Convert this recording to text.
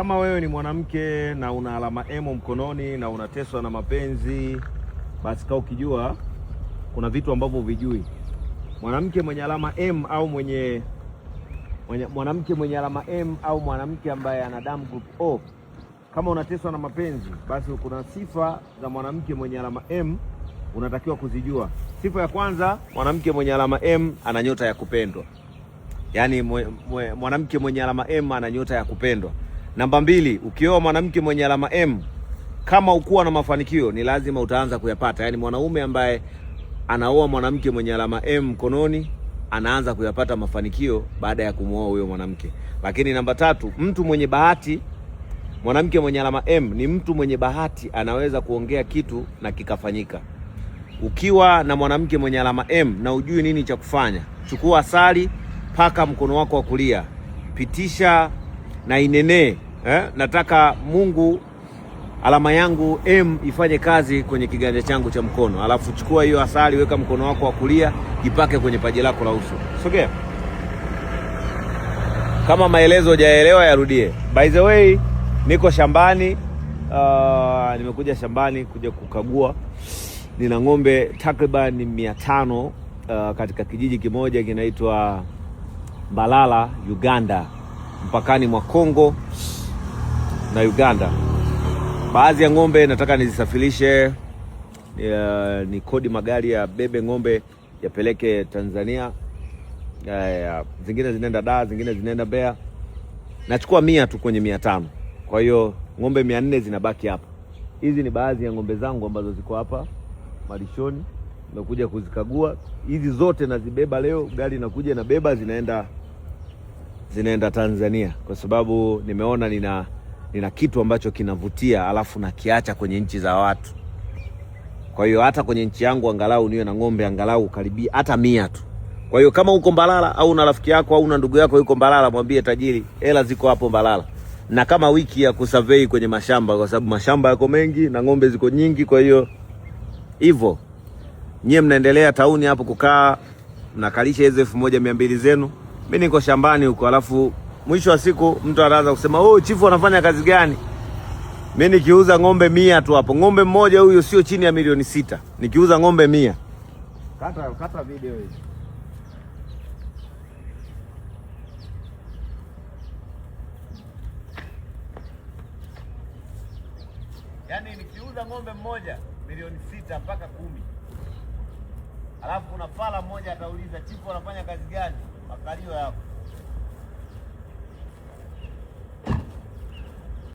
Kama wewe ni mwanamke na una alama emo mkononi na unateswa na mapenzi, basi kaa ukijua kuna vitu ambavyo huvijui. Mwanamke mwenye alama M au mwenye, mwenye mwanamke mwenye alama M au mwanamke ambaye ana damu group O, kama unateswa na mapenzi, basi kuna sifa za mwanamke mwenye alama M unatakiwa kuzijua. Sifa ya kwanza, mwanamke mwenye alama M ana nyota ya kupendwa. Yaani mwanamke mwenye alama M ana nyota ya kupendwa. Namba mbili, ukioa mwanamke mwenye alama M, kama ukuwa na mafanikio ni lazima utaanza kuyapata. Yaani mwanaume ambaye anaoa mwanamke mwenye alama M mkononi anaanza kuyapata mafanikio baada ya kumwoa huyo mwanamke. Lakini namba tatu, mtu mwenye bahati, mwanamke mwenye alama M ni mtu mwenye bahati, anaweza kuongea kitu na kikafanyika. Ukiwa na mwanamke mwenye alama M na ujui nini cha kufanya, chukua asali, paka mkono wako wa kulia, pitisha na inenee eh? Nataka Mungu alama yangu M ifanye kazi kwenye kiganja changu cha mkono. Alafu chukua hiyo asali, weka mkono wako wa kulia, ipake kwenye paji lako la uso. Sogea. Kama maelezo hujaelewa yarudie. By the way, niko shambani. Uh, nimekuja shambani kuja kukagua. Nina ng'ombe takriban mia tano uh, katika kijiji kimoja kinaitwa Mbalala, Uganda mpakani mwa Kongo na Uganda. Baadhi ya ng'ombe nataka nizisafirishe ya, ni kodi magari ya bebe ng'ombe yapeleke Tanzania ya, ya, zingine zinaenda Dar, zingine zinaenda Mbeya. Nachukua mia tu kwenye mia tano, kwa hiyo ng'ombe mia nne zinabaki hapa. Hizi ni baadhi ya ng'ombe zangu ambazo ziko hapa malishoni, nakuja kuzikagua hizi zote, nazibeba leo, gari inakuja inabeba, zinaenda zinaenda Tanzania, kwa sababu nimeona nina, nina kitu ambacho kinavutia alafu nakiacha kwenye nchi za watu. Kwa hiyo hata kwenye nchi yangu angalau niwe na ng'ombe angalau karibia hata mia tu. Kwa hiyo kama uko Mbalala au na rafiki yako au na ndugu yako yuko Mbalala, mwambie tajiri, hela ziko hapo Mbalala, na kama wiki ya kusurvey kwenye mashamba, kwa sababu mashamba yako mengi na ng'ombe ziko nyingi. Kwa hiyo hivyo nyie mnaendelea tauni hapo kukaa mnakalisha hizo elfu moja mia mbili zenu mi niko shambani huko, alafu mwisho wa siku mtu anaanza kusema oh, chifu anafanya kazi gani? Mi nikiuza ng'ombe mia tu hapo, ng'ombe mmoja huyo sio chini ya milioni sita, nikiuza ng'ombe mia. Kata, kata video hiyo. Yaani nikiuza ng'ombe mmoja milioni sita mpaka kumi, alafu kuna pala mmoja atauliza chifu anafanya kazi gani? I'll you out.